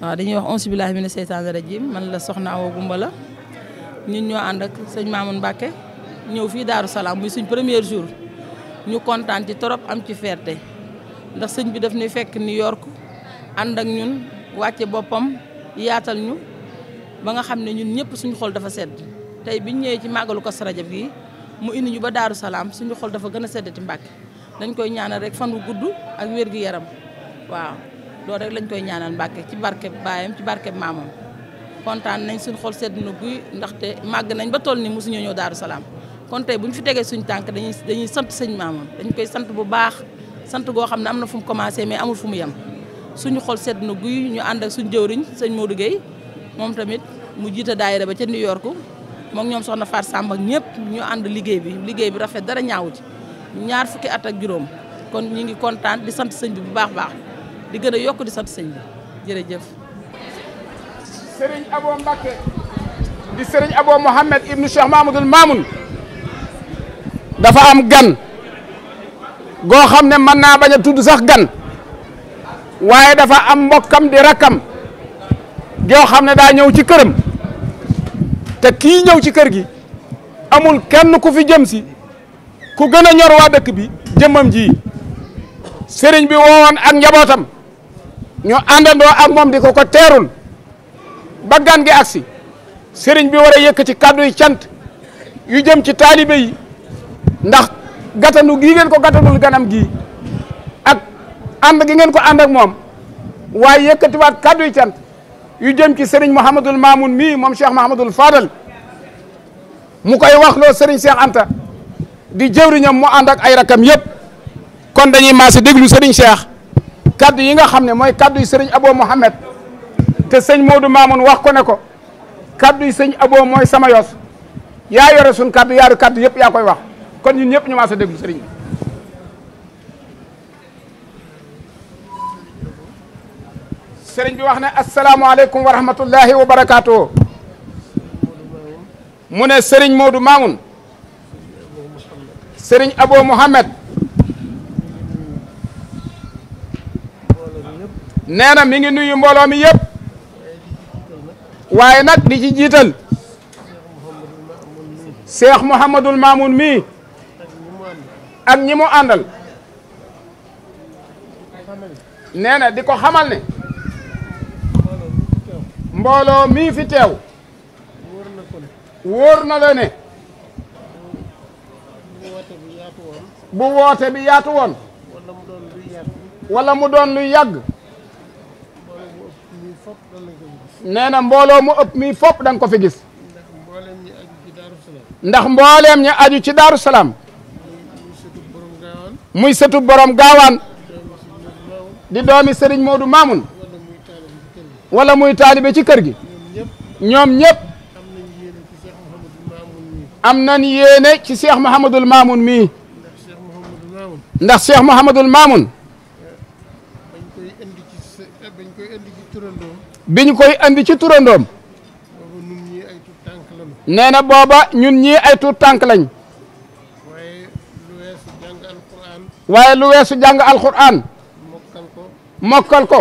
waaw dañuy wax onsi billahi mina seytaani rajim man la soxna Awa Gumba la ñun ñoo ànd ak sëñ Mamoun Mbacke ñëw fii Daaru Salaam muy suñ première jour ñu kontaan ci torop am ci fierté ndax sëñ bi daf nuy fekk New York ànd ak ñun wàcce boppam yaatal ñu ba nga xam ne ñun ñëpp suñu xol dafa sedd tey biñ ñëwee ci màggalu Kazu Rajab gi mu indi ñu ba Daaru Salaam suñu xol dafa gën a ti Mbacke dañ koy ñaanal rek fan wu gudd ak wér-gu-yaram waaw loolu rek lañ koy ñaanal Mbàkke ci barke baayam ci barke maamam kontaan nañ suñ xol sedd na guy ndaxte màgg nañ ba toll ni mosuñoo ñëw Daaru Salaam kon bu ñu fi tegee suñ tànk dañuy dañuy sant sëñ maamam dañ koy sant bu baax sant goo xam ne am na fu mu commencé mais amul fu mu yem suñu xol sedd na guy ñu ànd suñ jëwriñ sëñ Modou Gueye moom tamit mu jiite daayira ba ca New York moom ñoom soxna Far Samb ak ñëpp ñu ànd liggéey bi liggéey bi rafet dara ñaawu ci ñaar fukki at ak juróom kon ñu ngi kontaan di sant sëñ bi bu baax baax di gën a yokk di sant sëñ bi jërëjëf. Serigne Abo Mbacké di Serigne Abo Mohamed ibnu Cheikh Mahamadoul Mamoun dafa am gan goo xam ne mën naa bañ a tudd sax gan waaye dafa am mbokkam di rakkam goo xam ne daa ñëw ci këram te kii ñëw ci kër gi amul kenn ku fi jëm si ku gën a ñor waa dëkk bi jëmmam ji sëriñ bi woowoon ak njabootam ñu àndandoo ak moom di ko ko teerul ba gan gi agsi sëriñ bi war a yëkk ci kàddu cant yu jëm ci taalibe yi ndax gatanu gii ngeen ko gatanul ganam gii ak ànd gi ngeen ko ànd ak moom waaye yëkkatiwaat kàddu yi cant yu jëm ci sëriñ Mouhamadul Mamoun mii moom Cheikh Mouhamadul Fadal mu koy wax loo sëriñ Cheikh Anta di jëwriñam mu ànd ak ay rakam yëpp kon dañuy maase déglu sëriñ Cheikh. kaddu yi nga xam ne mooy kaddu yi sëriñ Abo Mohamed te sëñ Modou Mamoun wax ko ne ko kaddu yi sëñ Abo mooy sama yoos yaa yore suñ kaddu yaaru kaddu yëpp yaa koy wax kon ñun ñëpp ñu maa sa déglu sëriñ bi sëriñ bi wax ne asalaamaaleykum wa rahmatullahi wa barakaatu mu ne sëriñ Modou Mamoun sëriñ Abo Mohamed nee na mi ngi nuyu mbooloo mi yëpp waaye nag di ci jiital Cheikh Mouhamadul Mamoun mi ak ñi mu àndal nee di ko xamal ne mbooloo mii fi teew wóor na la ne bu woote bi yaatu woon wala mu doon luy yàgg nee na mbooloo mu mi fop da nga ko fi gis ndax mbooleem ñi aju ci Daaru Salaam muy sëtu borom gaawaan di doomi Serigne Modou Mamoun wala muy taalibe ci kër gi ñoom ñëpp am nañ yéene ci Cheikh Mouhamadul Mamoun mii ndax Cheikh Mouhamadul Mamoun bi koy andi ci turandoom nee na booba ñun ñi ay tuut tànk lañ waaye lu weesu jàng alquran mokkal ko mokkal ko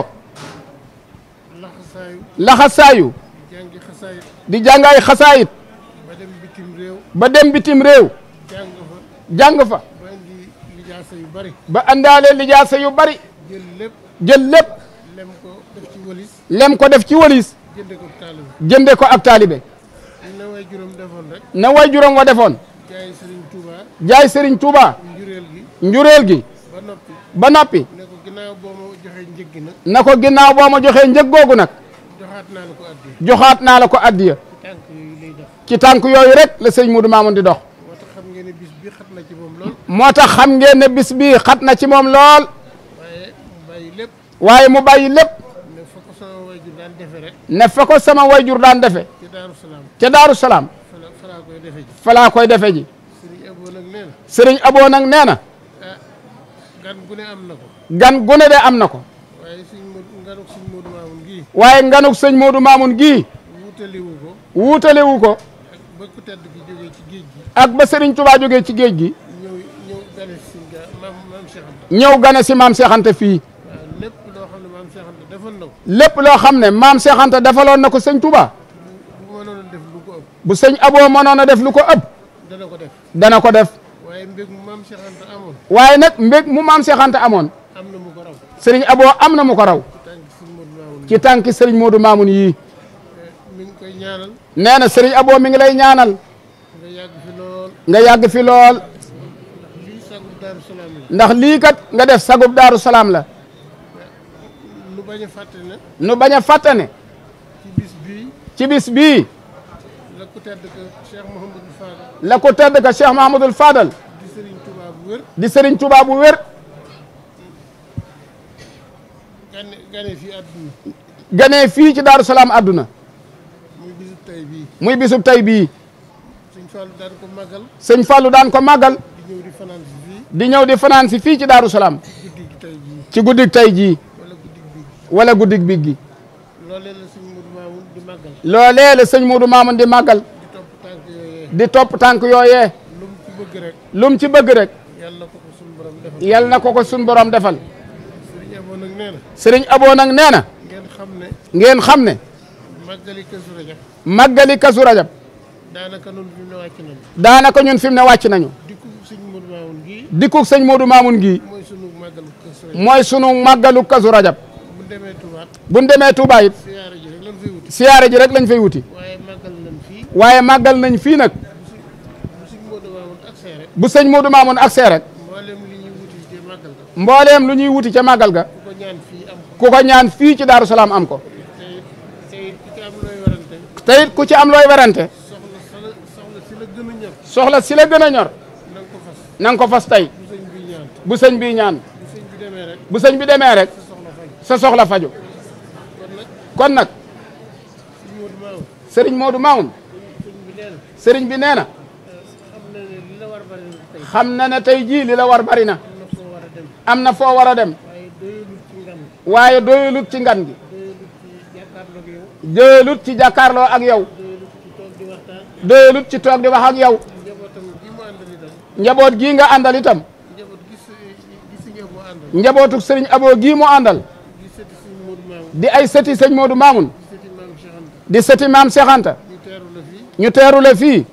laxasaayu di jàng ay xasaayit ba dem bitim réew jàng fa ba andaale lijaasa yu bari jël lépp lem ko def ci walis jënde ko ak taalibe jënde ko ak na way juróom defoon rek na way wa defoon jaay Serigne Touba jaay njureel gi ba noppi ba noppi ne ko ginnaaw boo joxee njëg na ko ginnaaw ma joxee njëg googu nag joxaat naa la ko addiya naa la ko addiya ci tànk yooyu rek la sëñ Moudou Mamoun di dox moo tax xam ngeen ne bis xat na ci moom lool na waaye mu bàyyi lépp ne fa ko sama wayjur daan defe ca daaru salaam falaa koy defe ji sëriñ aboo nag nee na ah, gan gune am na ko gan gune de am na ko waaye nganuk sëñ Modou Mamoun gii wuutalewu ko wuutalewu ko ak ba sëriñ Touba jógee ci géej gi ñëw gane si maam Cheikh fii lépp loo xam ne maam Cheikh Anta defaloon na ko sëñ Touba. bu sëñ Aboo mënoon a def lu ko ëpp. dana ko def dana ko def. waaye mbég mu nag mbég mu maam Cheikh amoon. am na mu ko raw. Aboo am na mu ko raw. ci tànki sëriñ Modou Mamoun yii. Eh, nee na sëriñ Aboo mi ngi lay ñaanal. nga yàgg fi lool. ndax lii kat nga def sagub daaru salaam la. nu bañ a nu bañ a ci bis bii. ci la ko tedd ka Cheikh Mouhamadul Fadal. di Serigne Touba bu wér. fii ci Daaru Salaam àdduna. muy bisub tay bii. muy bisub tey daan ko màggal. sëñ Fallou daan ko màggal. di ñëw di fanaan si fii. ci Daaru Salaam. ci guddig tey jii. wala guddig bi gi loolee la sëñ Modou Mamoun di màggal di topp tànk yooyee lu ci bëgg rek yal na ko ko suñ borom defal sëriñ Abo nag nee na ngeen xam ne màggali kasu rajab daanaka ñun fi mu ne wàcc nañu daanaka ñun fi mu ne sëñ Modou Mamoun gii mooy sunu màggalu kasu rajab bu ñu demee Touba it ji rek lañ fay wuti màggal nañ fii nag bu sëñ Modou Mamoun agsee rek mbooleem lu ñuy wuti ca màggal ga ku ko ñaan fii ci Daaru Salaam am ko te it ku ci am looy werante soxla si la gën a ñor na ko fas tey bu sëñ bi ñaan bu sëñ bi demee rek sa soxla fajo kon nag sëriñ Modou Mamoun sëriñ bi nee na xam na ne tey jii li la war bari na am na foo war a dem waaye doyalut ci ngan gi ci jàkkaarloo ak yow doyalut ci toog di wax ak yow njaboot gii nga àndal itam njabootu sëriñ aboo gii mu àndal di ay sëti sëñ Modou Mamoun di sëti maam Cheikh ñu teeru la fii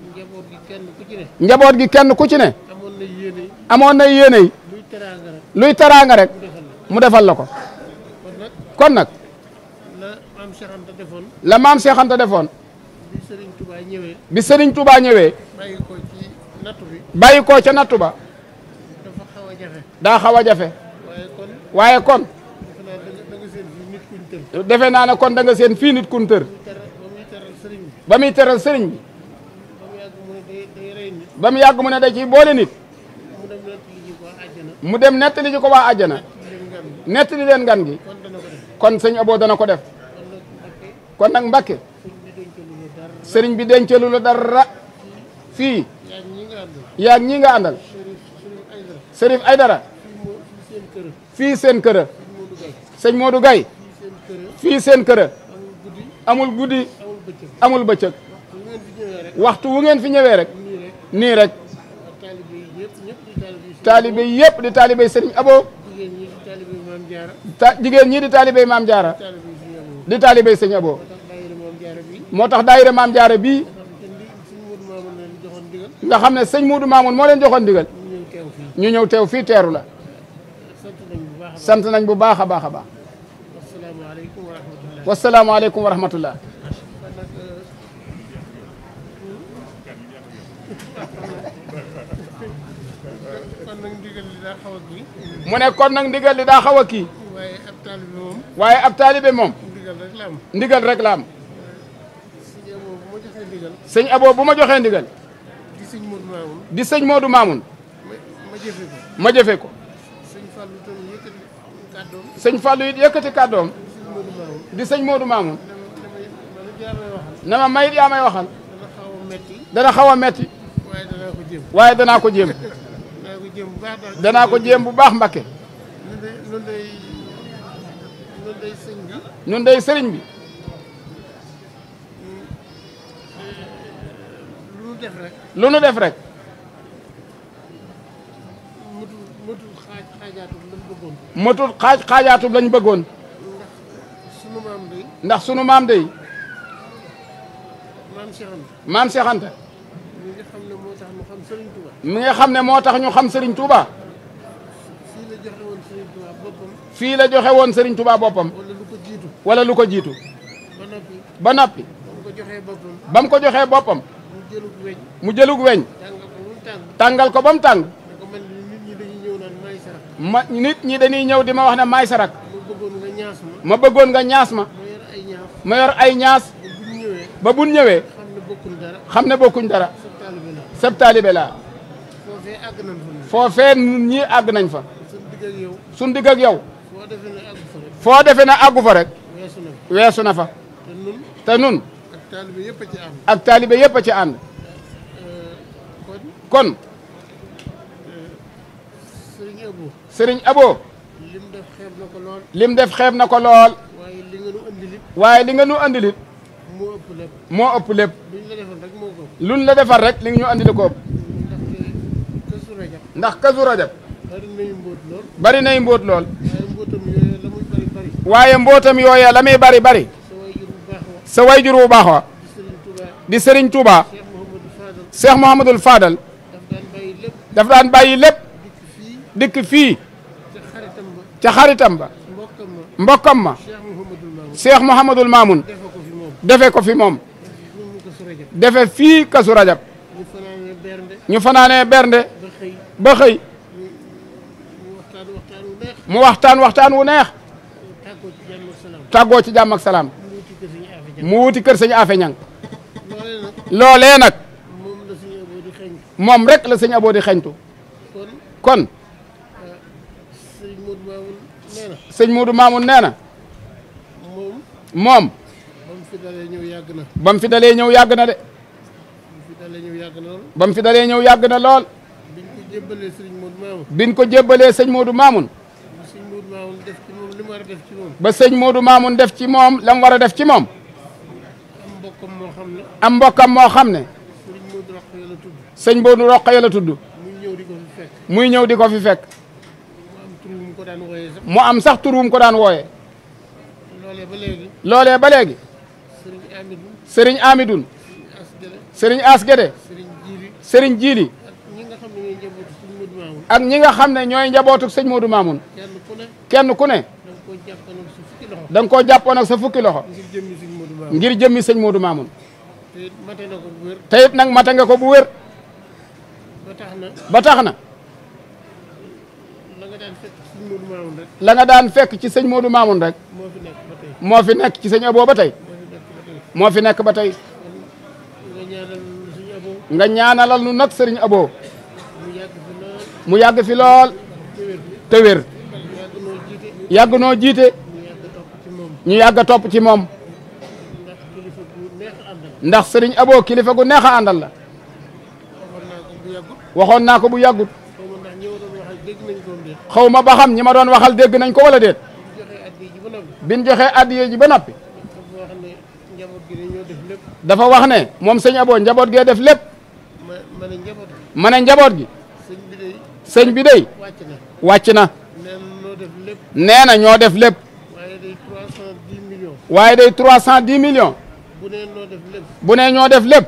njaboot gi kenn ku ci ne amoon na yéene yi luy teraanga rek mu defal la ko kon nag la maam Cheikh Anta defoon bi Serigne Touba ñëwee bàyyi ko ca nattu ba daa xaw jafe waaye kon defe naa ne kon danga seen fii nit kuntër ba muy teral sëriñ bi ba mu yàgg mu ne da ciy boole nit mu dem nettali ji ko waa àjjana nettali leen gan gi kon sëñ aboo dana ko def kon nag Mbàkke sëriñ bi dencalu la dara fii yaag ñi nga àndal ay dara fii seen kër sëñ Modou Gaye fii seen kër amul guddi amul bëccëg waxtu wu ngeen fi ñëwee rek nii rek taalibe yëpp di taalibe Serigne Abo ta jigéen ñii di taalibe Maam Jaara di taalibe Serigne Abo moo tax daayira Maam Jaara bii nga xam ne sëñ Muudu Maamoun moo leen joxoon digal ñu ñëw teew fii teeru la sant nañ bu baax a baax a baax wasalaamaaleykum wa rahmatullah mu ne kon nag ndigal li daa xaw a kii. waaye ab taalibe moom. waaye ab taalibe moom. ndigal rek la am. ndigal rek la am. sëñ Abo bu ma joxee ndigal. di sëñ Modou Mamoun. di sëñ ma jëfe ko. ma jëfe ko. sëñ kàddoom. sëñ Fallou it kàddoom. di sëñ Modou Mamoun na ma mayit yaa may waxal dana xaw a metti waaye danaa ko jéem danaa ko jéem bu baax Mbakke ñun day sëriñ bi lu nu def rek matul xaaj xaajaatum lañ bëggoon ndax sunu maam dey maam Cheikh Anta mi nga xam ne moo tax ñu xam sëriñ Touba mi fii la joxe woon sëriñ Touba boppam fii joxe woon Serigne Touba boppam wala lu ko jiitu ba noppi ba noppi mu ko joxee boppam ba mu ko joxee jëlug weñ mu tàngal ko ba mu tàng ma nit ñi dañuy ñëw di ma wax ne maay sarak ma bëggoon nga ñaas ma ma ay ñaas ba buñ ñëwee xam ne bokkuñ dara sab taalibe laa foofee nun ñii àgg nañ fa suñ digg ak yow foo defe ne àggu fa rek weesu na fa te nun ak taalibe yëpp a ci ànd kon sëriñ abo lim def xeeb na ko lool waaye li nga nu andil moo ëpp lépp moo la defar rek li nga ñu andil ko ëpp ndax kasu rajab bari nay mbóot lool waaye mbootam yooya la muy bari bari sa wayjur bu baax wa di Serigne tuuba Cheikh Mouhamadul Fadal daf daan bàyyi lépp dikk fii ca xaritam ba mbokkam ma Cheikh Mouhamadul Mamoun defe ko fi moom defe fii kasu rajab ñu fanaanee bernde ba xëy mu waxtaan waxtaan wu neex tàggoo ci jàmm ak salaam mu wuti kër sëñ Afe Ñang loolee nag moom rek la sëñ Aboo di xeñtu kon sëñ Moodu Maamun neena moom. ba mu fi ñëw yàgg na. ba mu fi dalee ñëw yàgg na de. ba mu fi dalee ñëw yàgg na lool. biñ ko jébbalee sëñ Modou Mamoun. biñ ko jébbalee sëñ Modou Mamoun. ba sëñ Modou Mamoun def ci moom la war a def ci moom. am mbokkam moo xam ne. am mbokkam moo xam ne. sëñ Modou Rokhaya la tudd. muy ñëw di ko fi fekk. muy ñëw di ko fi fekk. mu am sax tur wu ko daan wooye loolee ba léegi. sëriñ Amidoune. sëriñ As Gede. sëriñ Jiili. ak ñi nga xam ne ñooy njabootu sëñ Modou Mamoun. kenn ku ne. da nga koo jàppoon ak sa fukki loxo. ngir jëmmi sëñ Modou Mamoun. te nag mata nga ko bu wér. ba tax na. la nga daan fekk ci sëñ Modou Mamoun rek. moo fi nekk ci sëñ Abo ba tey moo fi nekk ba tey nga ñaanalal nu nag sëriñ Abo mu yàgg fi lool te yàgg noo jiite ñu yàgg topp ci moom ndax sëriñ Abo kilifa gu neex a àndal la waxoon naa ko bu yàggut xaw ma ba xam ñi ma doon waxal dégg nañ ko wala déet. biñ joxee addiya ji ba noppi. dafa wax ne moom sëñ aboo njaboot gee def lépp. ma ne njaboot gi. sëñ bi dey wàcc na. nee na ñoo def lépp. waaye day trois cent dix million bu nee ñoo def lépp.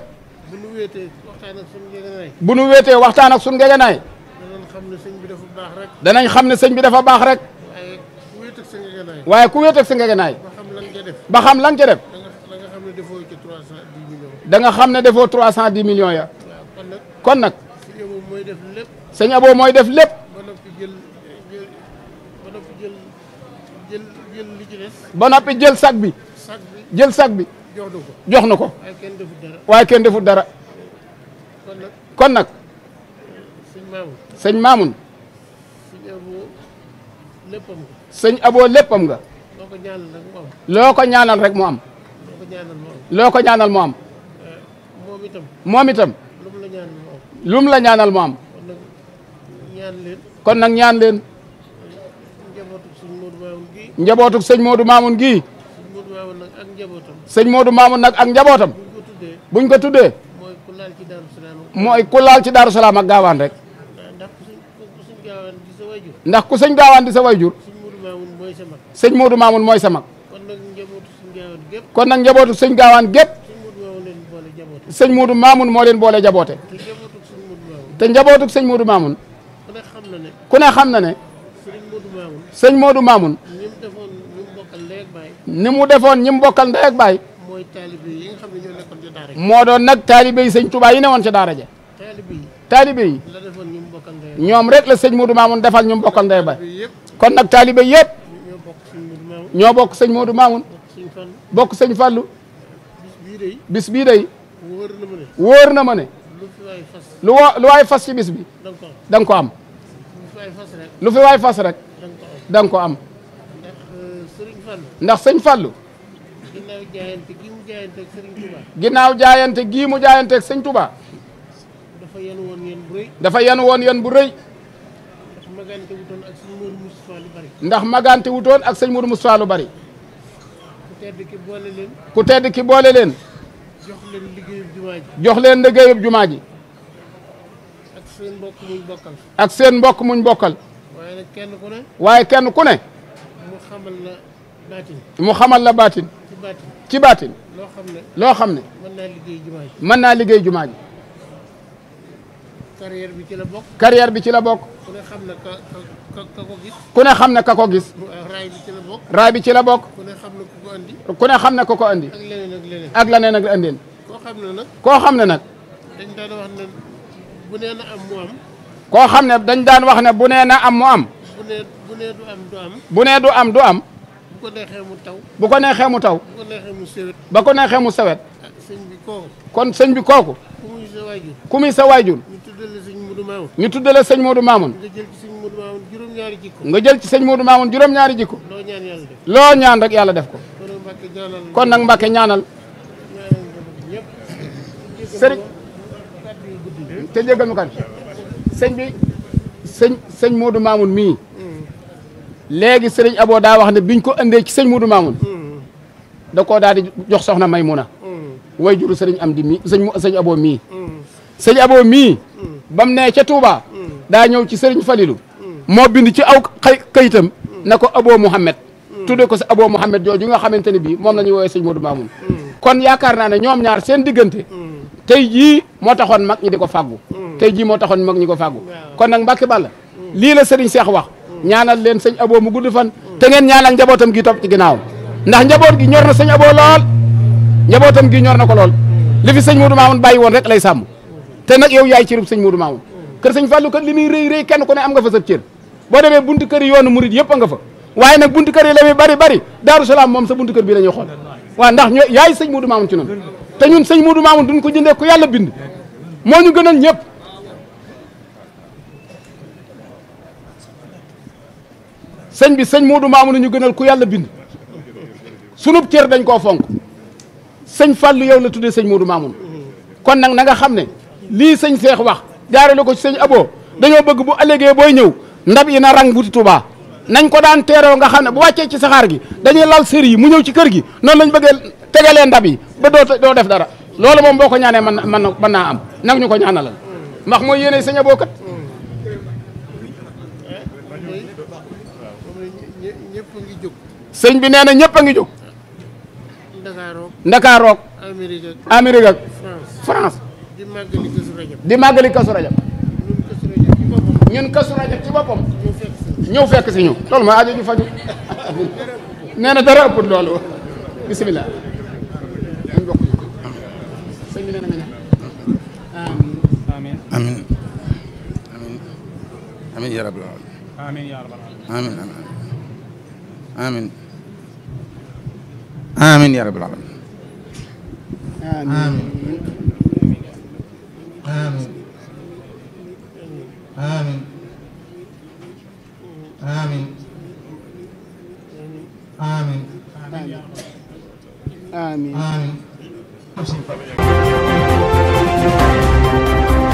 bu nu weetee waxtaan ak ngegenaay. ak sunu ngegenaay. danañ xam ne sëñ bi dafa baax danañ xam ne sëñ bi dafa baax rek. waaye ku wéet ak sa ngegenaay ba xam lan ca def da xam ne defoo trois cent dix millions ya kon nag sëñ Abo mooy def lépp ba noppi jël sag bi jël sac bi jox na ko waaye kenn defut dara kon nag sëñ Maamun sëñ aboo léppam nga. loo ko ñaanal rek mu am. loo ko ñaanal mu am. Eh, moom itam. lum la ñaanal mu am. kon nag ñaan leen. njabootuk sëñ Modou Mamoun gii. sëñ Modou Mamoun nag ak njabootam. buñ ko tuddee. mooy i laal ci Daaru Salaam ak gaawaan rek. ndax ku sëñ gaawaan di sa wayjur sëñ Modou Mamoun mooy sa kon nag njabootu sëñ gaawaan gépp sëñ Modou Mamoun moo leen boole jaboote te njabootu sëñ Modou Mamoun ku ne xam na ne sëñ Modou maamun ni mu defoon ñi mu bokkal ndey ak baay moo doon nag taalibe yi sëñ Tuubaa yi ne woon ca daara ja taalibe yi ñoom rek la sëñ Modou Mamoun defal ñu bokkal ndey ba kon nag taalibe yëpp ñoo bokk sëñ Modou Mamoun bokk sëñ Fallou bis bii day na ma ne lu wa lu waay fas ci bis bi da nga ko am lu fi waay fas rek da ko am euh, ndax sëñ Fallou ginnaaw jaayante gii mu jaayanteeg sëñ dafa yan woon yan bu rëy. dafa yan woon yan bu rëy. ndax magante wutoon ak sëñ Mourou Moustapha lu bari. lu bari. ku tedd ki boole leen. ku tedd ki boole leen. jox leen liggéeyub jumaa jox leen liggéeyub jumaa ji. ak seen mbokk muñ bokkal. ak seen mbokk muñ bokkal. waaye kenn ku ne. waaye mu xamal la baatin. mu xamal ci baatin. loo xam ne. man xam mën naa liggéey jumaa ji. carrière bi ci la bokk. carrière bi ci la bokk. ku ne xam ko ne xam na ka ko gis. raay bi ci la bokk. raay bi ci la bokk. ku ne xam na ko ko andi. ku ne xam na ko ko andi. ak leneen ak leneen. ak leneen ak leneen. koo xam ne nag. koo xam ne nag. dañ na am mu am. koo xam ne dañ daan wax ne bu nee na am mu am. bu nee du am du am. bu nee du taw. bu ko neexee mu taw. bu ko neexee mu ba ko neexee sewet. Ah, kon sëñ bi kooku. ku muy ñu tuddee la sëñ Modou Mamoun. nga jël ci sëñ Modou Mamoun juróom-ñaari jikko. nga jël ci sëñ Modou Mamoun juróom-ñaari jikko. loo ñaan rek yàlla def ko. kon nag Mbacke ñaanal. sëriñ te jégal ma kan sëñ bi sëñ sëñ Modou Mamoun mii. léegi sëriñ Abo daa wax ne biñ ko andee ci sëñ Modou Mamoun. da koo daal di jox soxna Maymuna. Mm. way juru sëriñ am di mii sëñ sëñ mii. sëñ Abo mii. Mm. ba mu nee ca Touba daa ñëw ci Serigne Falilou moo bind ci aw xay kayitam na ko Abo Mouhamed tudde ko si Abo Mouhamed jooju nga xamante ne bii moom la ñuy woowee sëñ Modou kon yaakaar naa ne ñoom ñaar seen diggante tey jii moo taxoon mag ñi di ko faggu tey jii moo taxoon mag ñi ko fàggu kon nag Mbacke Balla lii la Serigne Cheikh wax ñaanal leen sëñ Abo mu guddi fan te ngeen ñaanal njabootam gi topp ci ginnaaw ndax njaboot gi ñor na sëñ Abo lool njabootam gi ñor na ko lool li fi sëñ Modou Mamoun bàyyi woon lay sàmm te nag yow yaay cërub sëñ Modou Mamoun kër sëñ Fallou kat li muy rëy rëy kenn ku ne am nga fa sab cër boo demee buntu kër yi yoonu murid yëpp a nga fa waaye nag buntu kër yi la muy bari bari Daaru Salaam moom sa buntu kër bi la ñuy waa waaw ndax ñoo yaay sëñ Modou Mamoun ci noonu te ñun sëñ Modou Mamoun duñ ko jëndee ku yàlla bind moo ñu gënal ñëpp sëñ bi sëñ Modou Mamoun ñu gënal ku yàlla bind sunub cër dañ koo fonk sëñ Fallou yow la tuddee sëñ Modou Mamoun kon nag na nga xam ne lii sëñ seex wax jaarale ko ci sëñ aboo dañoo bëgg bu ëllëgee booy ñëw ndab yi na rang wuti Touba nañ ko daan teeroo nga xam ne bu wàccee ci saxaar gi dañuy lal sër yi mu ñëw ci kër gi noonu lañ bëggee tegalee ndab yi ba doo doo def dara loolu moom boo ko ñaanee mën na mën naa am nag ñu ko ñaanalal ndax mooy yéene sëñ aboo kat sëñ bi nee na ñëpp a ngi jóg ndakaaroog amérique france di màggali kasu rajab ñun kasu rajab ci boppam ñëw fekk si ñu loolu mooy aajo ju faju nee na dara loolu bisimilah amin amin amin ya rabbal alamin amin ya rabbal alamin آمين آمين آمين آمين آمين آمين آمين